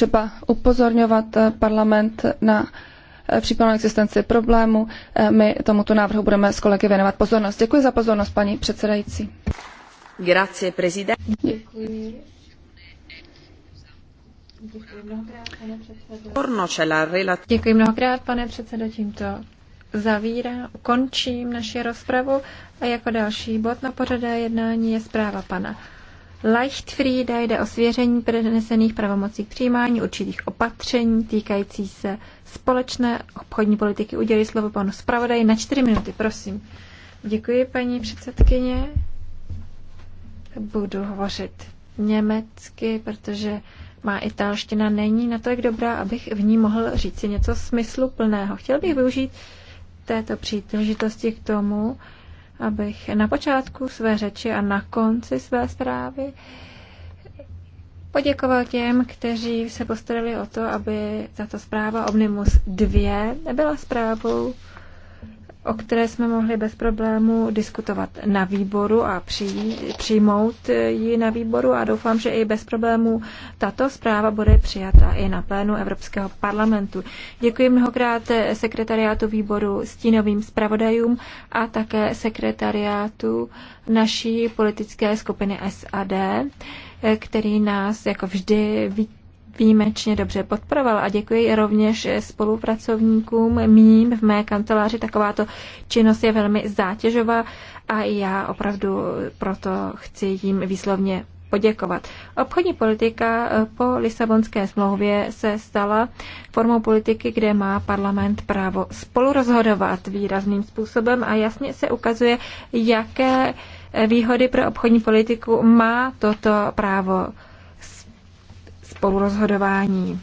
třeba upozorňovat eh, parlament na eh, případnou existenci problému. Eh, my tomuto návrhu budeme s kolegy věnovat pozornost. Děkuji za pozornost, paní předsedající. Grazie, prezident. Děkuji. Děkuji mnohokrát, pane předsedo. Tímto zavírám, končím naši rozpravu a jako další bod na pořadé jednání je zpráva pana Leichtfrieda jde o svěření přenesených pravomocí k přijímání určitých opatření týkající se společné obchodní politiky. Udělí slovo panu zpravodaji na čtyři minuty, prosím. Děkuji, paní předsedkyně. Budu hovořit německy, protože má italština není tak dobrá, abych v ní mohl říct si něco smysluplného. Chtěl bych využít této příležitosti k tomu, abych na počátku své řeči a na konci své zprávy poděkoval těm, kteří se postarali o to, aby tato zpráva Omnimus 2 byla zprávou, o které jsme mohli bez problému diskutovat na výboru a přij, přijmout ji na výboru a doufám, že i bez problému tato zpráva bude přijata i na plénu Evropského parlamentu. Děkuji mnohokrát sekretariátu výboru stínovým zpravodajům a také sekretariátu naší politické skupiny SAD, který nás jako vždy vítí výjimečně dobře podporoval a děkuji rovněž spolupracovníkům mým v mé kanceláři. Takováto činnost je velmi zátěžová a já opravdu proto chci jim výslovně poděkovat. Obchodní politika eh, po Lisabonské smlouvě se stala formou politiky, kde má parlament právo spolurozhodovat výrazným způsobem a jasně se ukazuje, jaké eh, výhody pro obchodní politiku má toto právo spolurozhodování.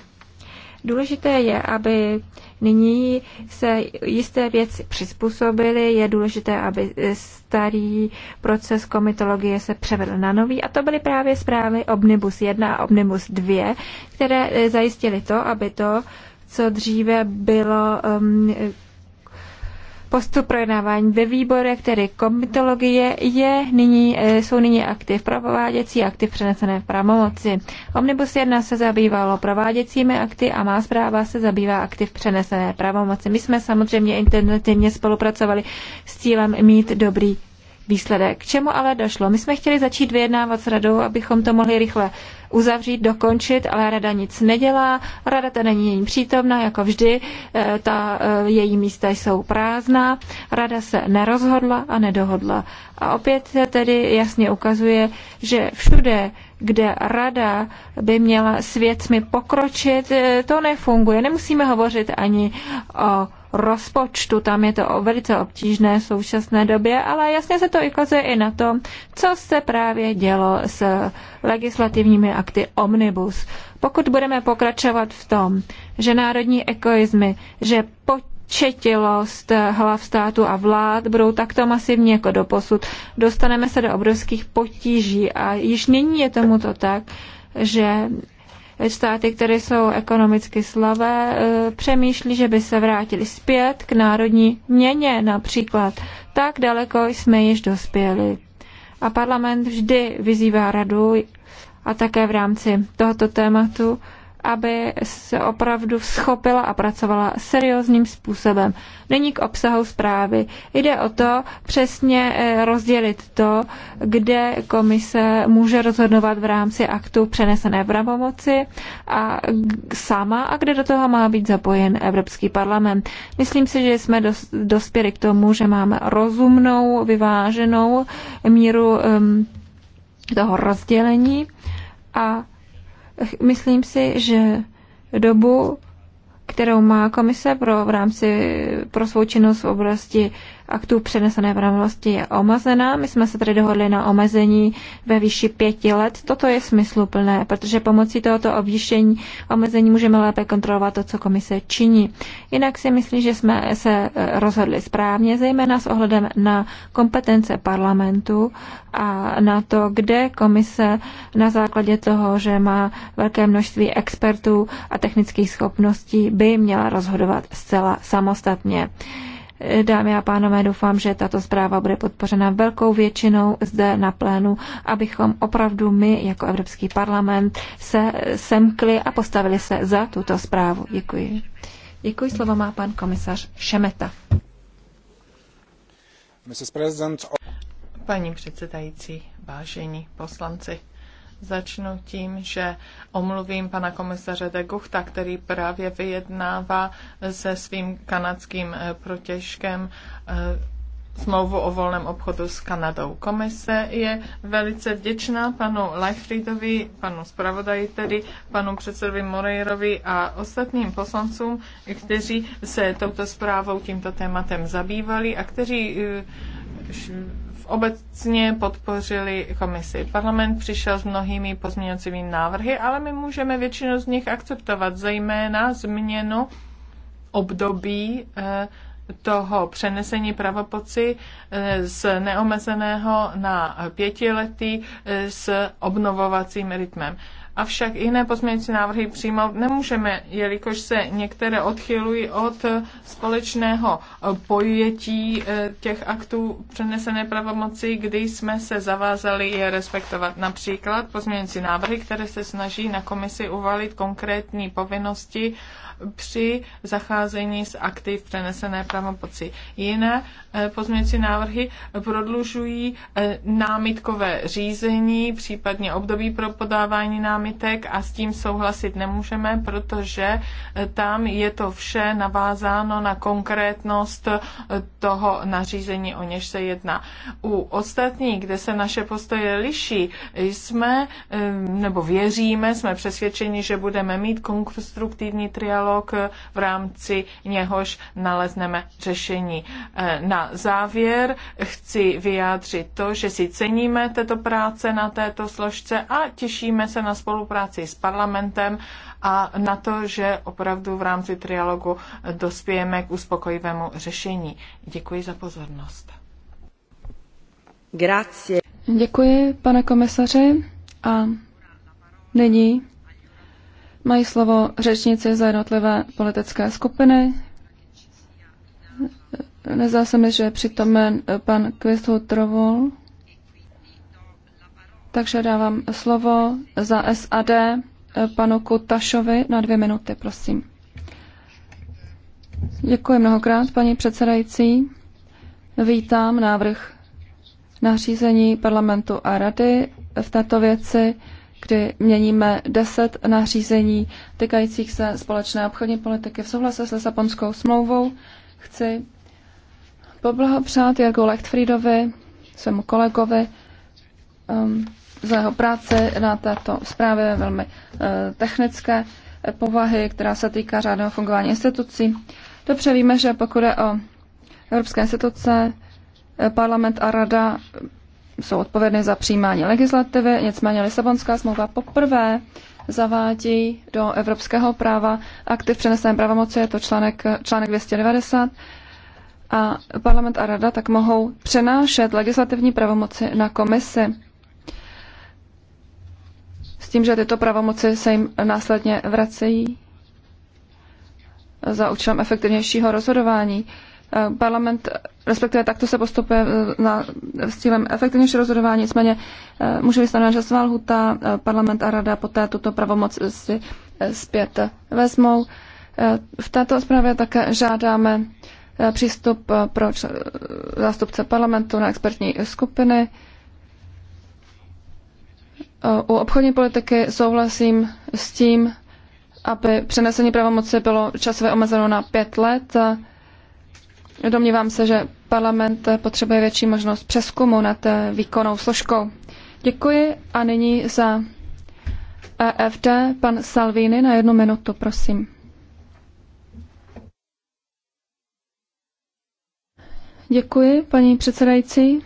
Důležité je, aby nyní se jisté věci přizpůsobily, je důležité, aby starý proces komitologie se převedl na nový a to byly právě zprávy Omnibus 1 a Omnibus 2, které eh, zajistily to, aby to, co dříve bylo um, Postup projednávání ve výborech, tedy komitologie, je nyní, e, jsou nyní aktiv prováděcí akty přenesené v pravomoci. Omnibus 1 se zabývalo prováděcími akty a má zpráva se zabývá aktiv přenesené pravomoci. My jsme samozřejmě intenzivně spolupracovali s cílem mít dobrý výsledek. K čemu ale došlo? My jsme chtěli začít vyjednávat s radou, abychom to mohli rychle uzavřít, dokončit, ale rada nic nedělá. Rada ta není přítomná, jako vždy, e, ta, e, její místa jsou prázdná. Rada se nerozhodla a nedohodla. A opět se tedy jasně ukazuje, že všude, kde rada by měla s věcmi pokročit, e, to nefunguje. Nemusíme hovořit ani o rozpočtu. Tam je to velice obtížné v současné době, ale jasně se to ukazuje i na tom, co se právě dělo s legislativními akty Omnibus. Pokud budeme pokračovat v tom, že národní ekoizmy, že po četilost hlav státu a vlád budou takto masivní jako doposud, dostaneme se do obrovských potíží a již nyní je tomuto tak, že státy, které jsou ekonomicky slavé, eh, přemýšlí, že by se vrátili zpět k národní měně například. Tak daleko jsme již dospěli. A parlament vždy vyzývá radu a také v rámci tohoto tématu, aby se opravdu schopila a pracovala seriózním způsobem. Není k obsahu zprávy. Jde o to přesně eh, rozdělit to, kde komise může rozhodovat v rámci aktu přenesené pravomoci a sama a kde do toho má být zapojen Evropský parlament. Myslím si, že jsme dospěli k tomu, že máme rozumnou, vyváženou míru um, toho rozdělení a myslím si, že dobu kterou má komise pro, v rámci pro svou činnost v oblasti aktů přenesené pravomosti je omezená. My jsme se tedy dohodli na omezení ve výši pěti let. Toto je smysluplné, protože pomocí tohoto obvýšení omezení můžeme lépe kontrolovat to, co komise činí. Jinak si myslím, že jsme se eh, rozhodli správně, zejména s ohledem na kompetence parlamentu a na to, kde komise na základě toho, že má velké množství expertů a technických schopností, by by měla rozhodovat zcela samostatně. Dámy a pánové, doufám, že tato zpráva bude podpořena velkou většinou zde na plénu, abychom opravdu my jako Evropský parlament se semkli a postavili se za tuto zprávu. Děkuji. Děkuji, slovo má pan komisař Šemeta. Paní předsedající, vážení poslanci, Začnu tím, že omluvím pana komisaře de Guchta, který právě vyjednává se svým kanadským eh, protěžkem eh, smlouvu o volném obchodu s Kanadou. Komise je velice vděčná panu Leichfriedovi, panu zpravodaji tedy, panu předsedovi Moreirovi a ostatním poslancům, kteří se touto zprávou, tímto tématem zabývali a kteří eh, obecně podpořili komisi. Parlament přišel s mnohými pozměňovacími návrhy, ale my můžeme většinu z nich akceptovat, zejména změnu období eh, toho přenesení pravopoci eh, z neomezeného na pětiletý eh, s obnovovacím rytmem. Avšak jiné pozměňující návrhy přijmout nemůžeme, jelikož se některé odchylují od společného eh, pojetí eh, těch aktů přenesené pravomoci, kdy jsme se zavázali je respektovat. Například pozměňující návrhy, které se snaží na komisi uvalit konkrétní povinnosti při zacházení s akty v přenesené pravomoci. Jiné eh, pozměňující návrhy prodlužují námitkové řízení, případně období pro podávání námitky, námitek a s tím souhlasit nemůžeme, protože eh, tam je to vše navázáno na konkrétnost eh, toho nařízení, o něž se jedná. U ostatních, kde se naše postoje liší, jsme eh, nebo věříme, jsme přesvědčeni, že budeme mít konstruktivní trialog, v rámci něhož nalezneme řešení. Na závěr chci vyjádřit to, že si ceníme této práce na této složce a těšíme se na spolupráci spolupráci s parlamentem a na to, že opravdu v rámci trialogu dospějeme k uspokojivému řešení. Děkuji za pozornost. Grazie. Děkuji, pane komisaři. A nyní mají slovo řečníci za jednotlivé politické skupiny. Nezdá se mi, že je přítomen pan Kvist Trovol. Takže dávám slovo za SAD eh, panu Kutašovi na dvě minuty, prosím. Děkuji mnohokrát, paní předsedající. Vítám návrh nařízení parlamentu a rady v této věci, kdy měníme deset nařízení týkajících se společné obchodní politiky v souhlase s Lisabonskou smlouvou. Chci poblahopřát Jirgu Lechtfriedovi, svému kolegovi, Ehm, za jeho práci na této zprávě velmi eh, technické povahy, která se týká řádného fungování institucí. Dobře víme, že pokud je o evropské instituce, eh, parlament a rada jsou odpovědny za přijímání legislativy, nicméně Lisabonská smlouva poprvé zavádí do evropského práva v přeneseném pravomoci, je to článek, článek 290, a parlament a rada tak mohou přenášet legislativní pravomoci na komisi s tím, že tyto pravomoci se jim následně vracejí za účelem efektivnějšího rozhodování. Parlament, respektive takto se postupuje na, s cílem efektivnějšího rozhodování, nicméně eh, může být stanovena časová lhuta, eh, parlament a rada poté tuto pravomoc si eh, zpět vezmou. V této zprávě také žádáme přístup pro zástupce parlamentu na expertní skupiny Eh, u obchodní politiky souhlasím s tím, aby přenesení pravomoci bylo časově omezeno na pět let. Eh, domnívám se, že parlament potřebuje větší možnost přeskumu nad eh, výkonnou složkou. Děkuji a nyní za EFD pan Salvini na jednu minutu, prosím. Děkuji, paní předsedající.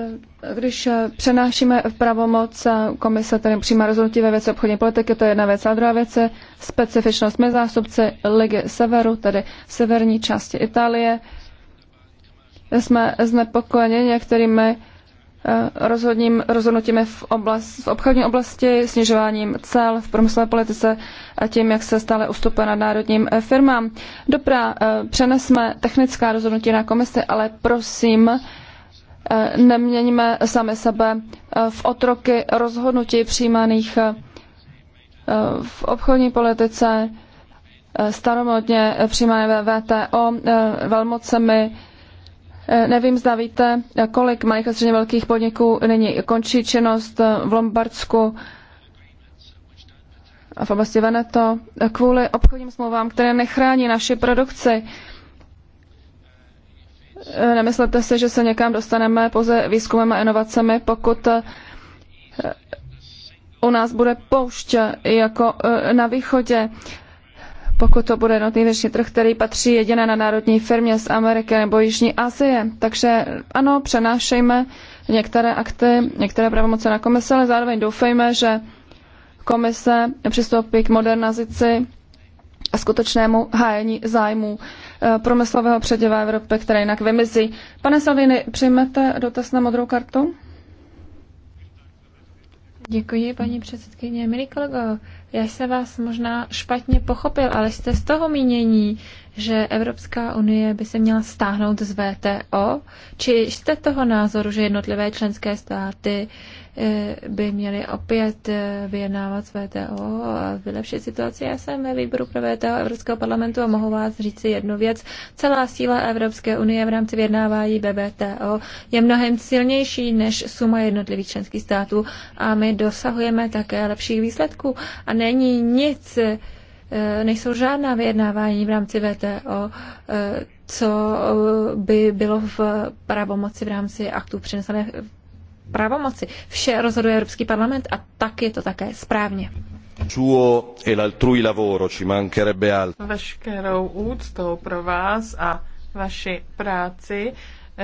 Eh, když eh, přenášíme v pravomoc eh, komise, tedy přijímá rozhodnutí ve věci obchodní politiky, to je jedna věc. A druhá věc je specifičnost My zástupci Ligy Severu, tedy severní části Itálie. Jsme znepokojeni některými rozhodním, rozhodnutími v, oblast, v obchodní oblasti, snižováním cel v průmyslové politice a tím, jak se stále ustupuje nad národním firmám. Dobrá, přenesme technická rozhodnutí na komisi, ale prosím, Eh, neměňme sami sebe eh, v otroky rozhodnutí přijímaných eh, v obchodní politice, staromodně přijímané ve VTO, velmocemi. Nevím, zda víte, kolik malých a středně velkých podniků nyní končí činnost v Lombardsku a v oblasti Veneto kvůli obchodním smlouvám, které nechrání naši produkci Eh, nemyslete si, že se někam dostaneme pouze výzkumem a inovacemi, pokud eh, u nás bude poušť jako eh, na východě, pokud to bude jednotný vnitřní trh, který patří jediné na národní firmě z Ameriky nebo Jižní Asie. Takže ano, přenášejme některé akty, některé pravomoce na komise, ale zároveň doufejme, že komise přistoupí k modernizaci a skutečnému hájení zájmu eh, průmyslového předěva Evropy, které jinak vymizí. Pane Salvini, přijmete dotaz na modrou kartu? Děkuji, paní předsedkyně. Milí kolego, já jsem vás možná špatně pochopil, ale jste z toho mínění, že Evropská unie by se měla stáhnout z VTO? Či jste toho názoru, že jednotlivé členské státy eh, by měly opět eh, vyjednávat z VTO a vylepšit situaci? Já jsem ve výboru pro VTO Evropského parlamentu a mohu vás říct si jednu věc. Celá síla Evropské unie v rámci vyjednávání BBTO je mnohem silnější než suma jednotlivých členských států a my dosahujeme také lepších výsledků. A není nic, e, nejsou žádná vyjednávání v rámci VTO, e, co by bylo v pravomoci v rámci aktů přinesené pravomoci. Vše rozhoduje Evropský parlament a tak je to také správně. Suo e l'altrui lavoro ci mancherebbe altro. Veškerou úctou pro vás a vaši práci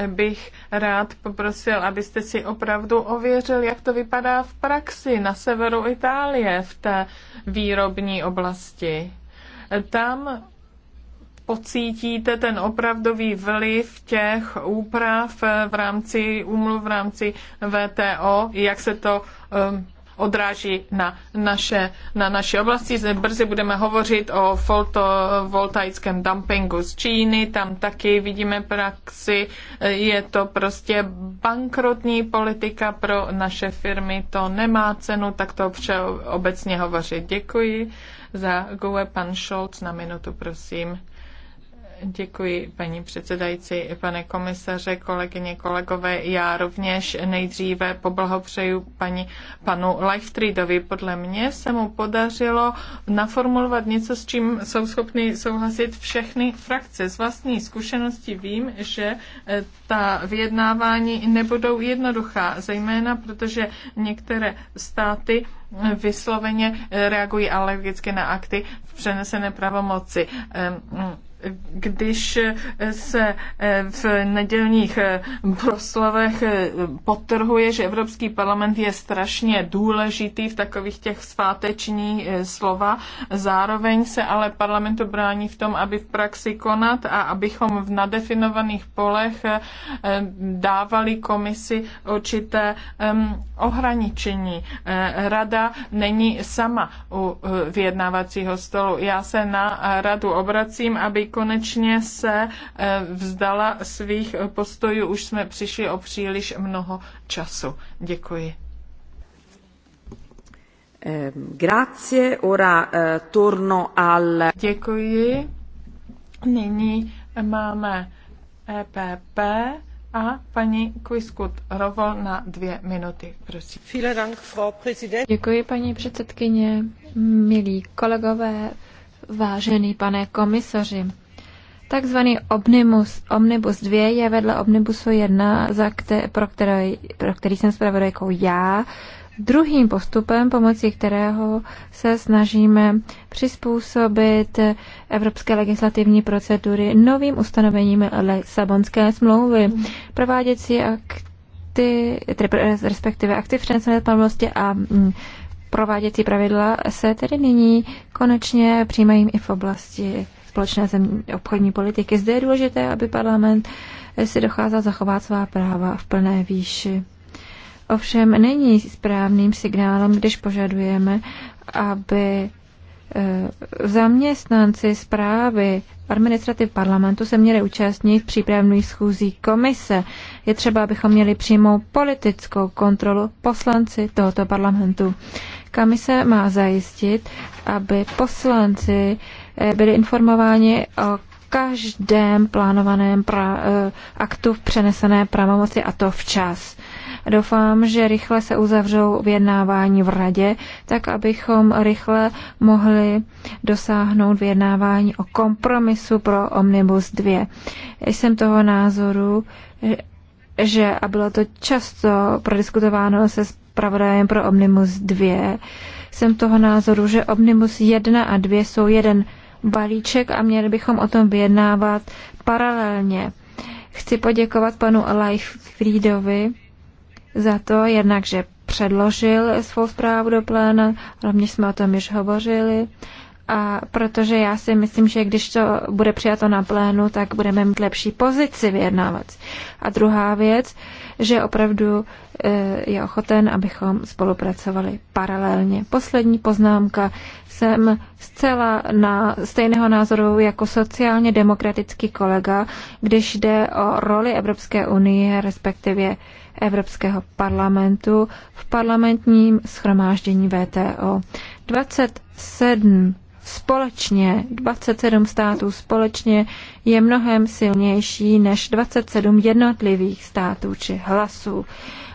bych rád poprosil, abyste si opravdu ověřil, jak to vypadá v praxi na severu Itálie v té výrobní oblasti. Tam pocítíte ten opravdový vliv těch úprav v rámci úmluv, v rámci VTO, jak se to um, odráží na naše, na naše oblasti. brzy budeme hovořit o fotovoltaickém dumpingu z Číny, tam taky vidíme praxi, je to prostě bankrotní politika pro naše firmy, to nemá cenu, tak to obecně hovořit. Děkuji za GUE, pan Scholz na minutu, prosím. Děkuji, paní předsedající, pane komisaře, kolegyně, kolegové. Já rovněž nejdříve poblahopřeju paní, panu Leichtriedovi. Podle mě se mu podařilo naformulovat něco, s čím jsou schopny souhlasit všechny frakce. Z vlastní zkušenosti vím, že e, ta vyjednávání nebudou jednoduchá, zejména protože některé státy e, vysloveně e, reagují alergicky na akty v přenesené pravomoci mm, když se eh, v nedělních eh, proslovech eh, potrhuje, že Evropský parlament je strašně důležitý v takových těch svátečních slova, zároveň se ale parlamentu brání v tom, aby v praxi konat a abychom v nadefinovaných polech dávali komisi určité ohraničení. Rada není sama u vyjednávacího stolu. Já se na radu obracím, aby konečně se eh, vzdala svých postojů. Už jsme přišli o příliš mnoho času. Děkuji. Ehm, grazie, ora eh, torno al... Děkuji. Nyní máme EPP a paní Kuiskut Rovol na dvě minuty, prosím. Děkuji, paní předsedkyně, milí kolegové. Vážený pane komisaři, Takzvaný Omnibus, Omnibus 2 je vedle Omnibusu 1, za kte, pro, které, pro který jsem zpravodajkou já, druhým postupem, pomocí kterého se snažíme přizpůsobit evropské legislativní procedury novým ustanovením Lisabonské smlouvy. Prováděcí akty, respektive akty v přenesené a mm, Prováděcí pravidla se tedy nyní konečně přijímají i v oblasti společné zemí, obchodní politiky. Zde je důležité, aby parlament si docházal zachovat svá práva v plné výši. Ovšem není správným signálem, když požadujeme, aby Eh, zaměstnanci zprávy administrativ parlamentu se měli účastnit v přípravných schůzí komise. Je třeba, abychom měli přímou politickou kontrolu poslanci tohoto parlamentu. Komise má zajistit, aby poslanci eh, byli informováni o každém plánovaném pra- eh, aktu v přenesené pravomoci a to včas. Doufám, že rychle se uzavřou vyjednávání v radě, tak abychom rychle mohli dosáhnout vyjednávání o kompromisu pro Omnibus 2. Jsem toho názoru, že, a bylo to často prodiskutováno se zpravodajem pro Omnibus 2, jsem toho názoru, že Omnibus 1 a 2 jsou jeden balíček a měli bychom o tom vyjednávat paralelně. Chci poděkovat panu Friedovi za to jednak, že předložil svou zprávu do pléna, hlavně jsme o tom již hovořili, a protože já si myslím, že když to bude přijato na plénu, tak budeme mít lepší pozici vyjednávat. A druhá věc, že opravdu eh, je ochoten, abychom spolupracovali paralelně. Poslední poznámka jsem zcela na stejného názoru jako sociálně demokratický kolega, když jde o roli Evropské unie, respektive Evropského parlamentu v parlamentním schromáždění VTO. 27 společně, 27 států společně je mnohem silnější než 27 jednotlivých států či hlasů.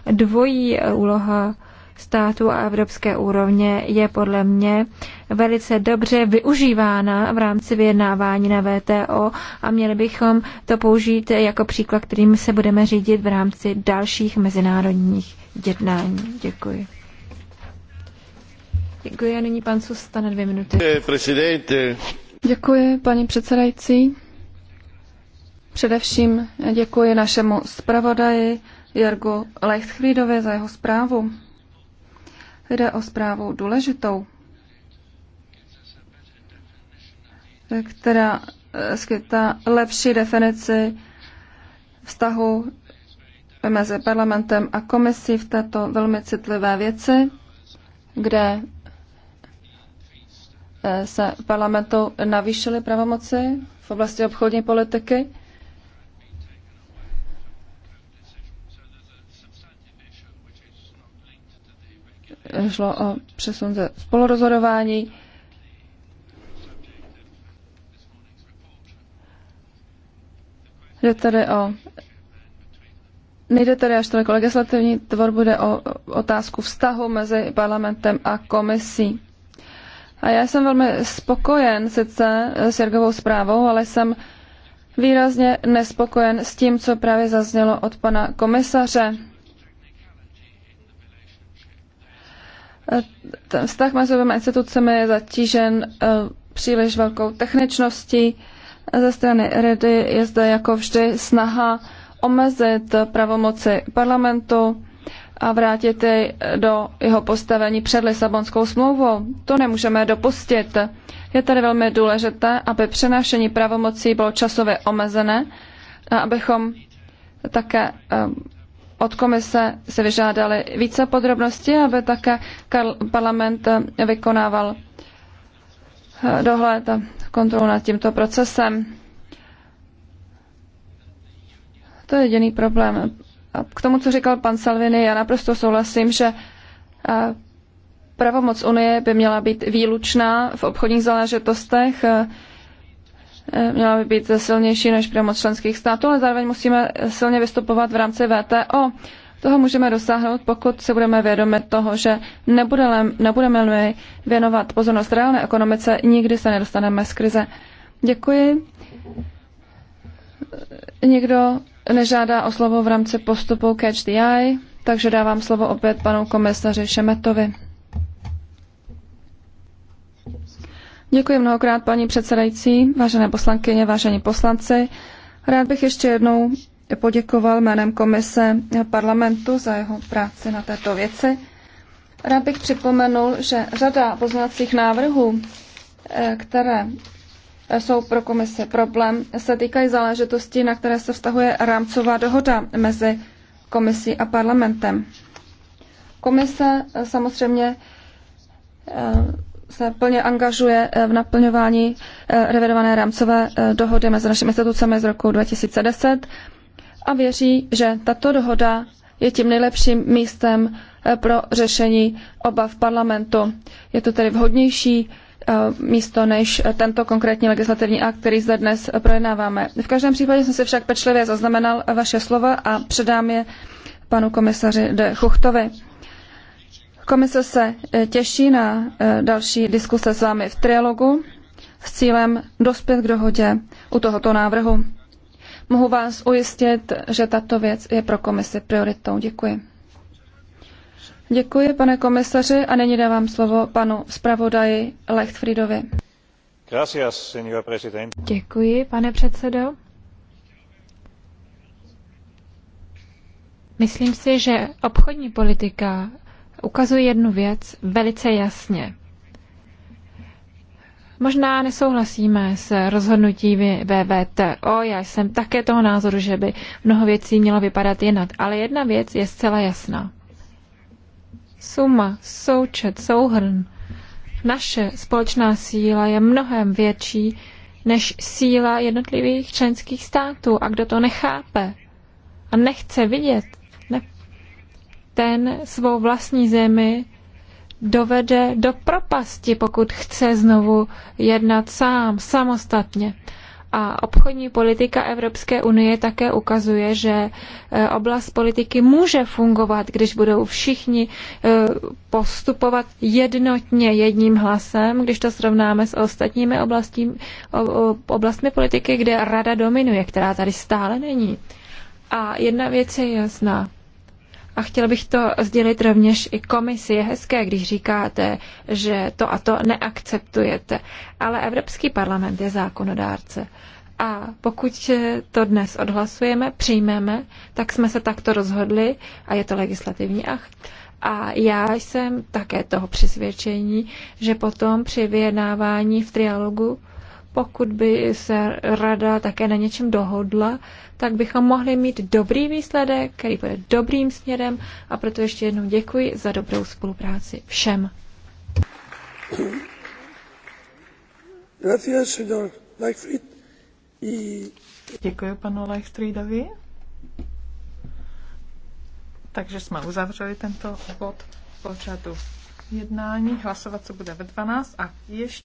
Dvojí úloha států a evropské úrovně je podle mě velice dobře využívána v rámci vyjednávání na VTO a měli bychom to použít jako příklad, kterým se budeme řídit v rámci dalších mezinárodních jednání. Děkuji. Děkuji a nyní pan Susta na dvě minuty. Děkuji, paní předsedající. Především děkuji našemu zpravodaji Jergu Leichfriedovi za jeho zprávu. Jde o zprávu důležitou, která eh, skytá lepší definici vztahu mezi parlamentem a komisí v této velmi citlivé věci, kde eh, se parlamentu navýšily pravomoci v oblasti obchodní politiky šlo o přesun ze spolurozhodování. Jde tedy o Nejde tedy až tolik o legislativní tvorbu, jde o otázku vztahu mezi parlamentem a komisí. A já jsem velmi spokojen sice s Jirgovou zprávou, ale jsem výrazně nespokojen s tím, co právě zaznělo od pana komisaře. ten vztah mezi oběma institucemi je zatížen eh, příliš velkou techničností. Ze strany Rady je zde jako vždy snaha omezit pravomoci parlamentu a vrátit je do jeho postavení před Lisabonskou smlouvou. To nemůžeme dopustit. Je tady velmi důležité, aby přenášení pravomocí bylo časově omezené a abychom také eh, od komise se vyžádaly více podrobností, aby také parlament eh, vykonával eh, dohled a kontrolu nad tímto procesem. To je jediný problém. k tomu, co říkal pan Salvini, já naprosto souhlasím, že eh, pravomoc Unie by měla být výlučná v obchodních záležitostech, Eh, měla by být silnější než pravomoc členských států, ale zároveň musíme silně vystupovat v rámci VTO. Toho můžeme dosáhnout, pokud se budeme vědomi toho, že nebudeme, nebudeme věnovat pozornost reálné ekonomice, nikdy se nedostaneme z krize. Děkuji. Nikdo nežádá o slovo v rámci postupu Catch the Eye, takže dávám slovo opět panu komisaři Šemetovi. Děkuji mnohokrát, paní předsedající, vážené poslankyně, vážení poslanci. Rád bych ještě jednou poděkoval jménem komise parlamentu za jeho práci na této věci. Rád bych připomenul, že řada pozměňovacích návrhů, eh, které jsou pro komise problém, se týkají záležitostí, na které se vztahuje rámcová dohoda mezi komisí a parlamentem. Komise eh, samozřejmě eh, se plně angažuje eh, v naplňování eh, revidované rámcové eh, dohody mezi našimi institucemi z roku 2010 a věří, že tato dohoda je tím nejlepším místem pro řešení obav parlamentu. Je to tedy vhodnější místo než tento konkrétní legislativní akt, který zde dnes projednáváme. V každém případě jsem si však pečlivě zaznamenal vaše slova a předám je panu komisaři de Chuchtovi. Komise se e, těší na e, další diskuse s vámi v trialogu s cílem dospět k dohodě u tohoto návrhu. Mohu vás ujistit, že tato věc je pro komisi prioritou. Děkuji. Děkuji, pane komisaři, a nyní dávám slovo panu zpravodaji Lechtfriedovi. Gracias, señor Děkuji, pane předsedo. Myslím si, že obchodní politika ukazují jednu věc velice jasně. Možná nesouhlasíme s rozhodnutím VVTO, já jsem také toho názoru, že by mnoho věcí mělo vypadat jinak, ale jedna věc je zcela jasná. Suma, součet, souhrn, naše společná síla je mnohem větší než síla jednotlivých členských států a kdo to nechápe a nechce vidět, ten svou vlastní zemi dovede do propasti, pokud chce znovu jednat sám, samostatně. A obchodní politika Evropské unie také ukazuje, že e, oblast politiky může fungovat, když budou všichni e, postupovat jednotně jedním hlasem, když to srovnáme s ostatními oblastí, oblastmi politiky, kde rada dominuje, která tady stále není. A jedna věc je jasná. A chtěla bych to sdělit rovněž i komisi. Je hezké, když říkáte, že to a to neakceptujete. Ale Evropský parlament je zákonodárce. A pokud to dnes odhlasujeme, přijmeme, tak jsme se takto rozhodli a je to legislativní akt. A já jsem také toho přesvědčení, že potom při vyjednávání v trialogu pokud by se rada také na něčem dohodla, tak bychom mohli mít dobrý výsledek, který bude dobrým směrem a proto ještě jednou děkuji za dobrou spolupráci všem. Děkuji panu Leichtriedovi. Takže jsme uzavřeli tento bod pořadu jednání. Hlasovat se bude ve 12 a ještě